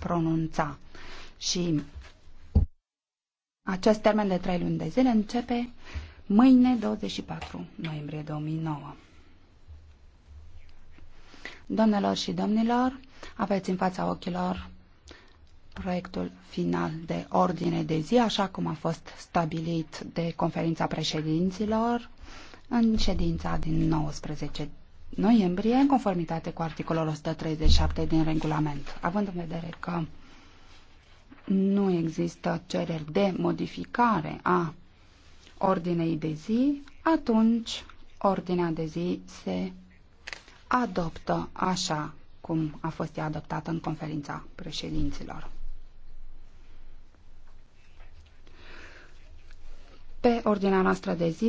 pronunța. Și acest termen de 3 luni de zile începe mâine 24 noiembrie 2009. Doamnelor și domnilor, aveți în fața ochilor proiectul final de ordine de zi, așa cum a fost stabilit de conferința președinților în ședința din 19 noiembrie, în conformitate cu articolul 137 din regulament. Având în vedere că nu există cereri de modificare a ordinei de zi, atunci ordinea de zi se adoptă așa cum a fost ea adoptată în conferința președinților. Pe ordinea noastră de zi